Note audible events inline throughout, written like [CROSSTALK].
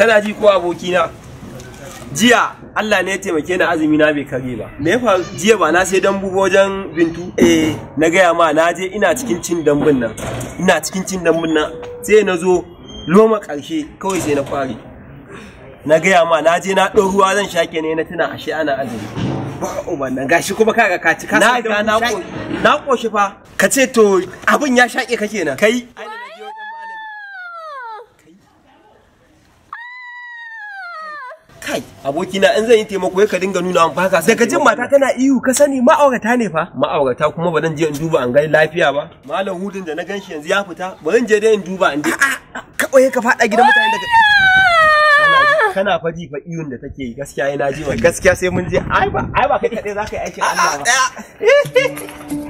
kana ji ko abokina jiya Allah ne ya taimake ni azumi na bai kare ba me fa jiya ba na sai dambu wajen bintu eh na gaya ma na je ina cikin cin dambun nan ina cikin cin dambun nan sai na zo loma karshe kawai sai na kware na gaya ma na je na ɗau ruwa zan shake ne na tuna ashe ana azumi nan gashi kuma kaga ka ci ka na na shi fa ka ce to abin ya shake ka na kai kai abokina in zan yi taimako ka dinga nuna an baka daga jin mata tana ihu ka sani ma'aurata ne fa ma'aurata kuma ba zan je in duba an ga lafiya ba malam hudun da na ganshi yanzu ya fita ba zan je dai in duba in je kawai ka fada gidan mutane daga kana faji fa iyun da take yi gaskiya yana ji gaskiya sai mun je ai ba ai ba kai kadai zaka yi aikin Allah ba [LAUGHS]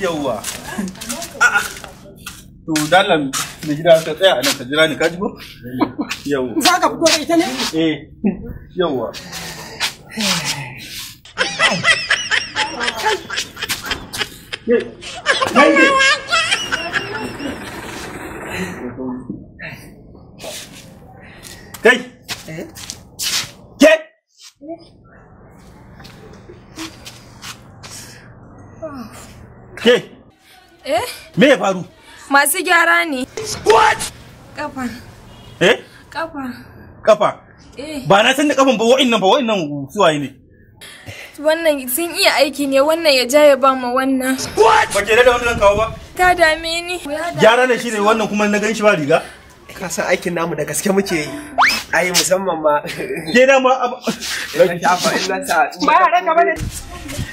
yawwa to dalan da gida ka tsaya nan ka jira ni ka za ka fito da ita ne eh kai ke Ke? Eh? Me ya faru? Masu gyara ne. What? Kafa. Eh? Kafa. Kafa. Eh. Ba na san kafan ba wa'annan ba wa'annan suwaye ne. Wannan sun iya aiki ne wannan ya ja ya ba mu wannan. What? Ba ke da wannan kawo ba? Ta dame ni. Gyara ne shi ne wannan kuma na gan shi ba riga. Ka san aikin namu da gaske muke yi. Ai musamman ma. Ke da ma. Ba haka ba ne.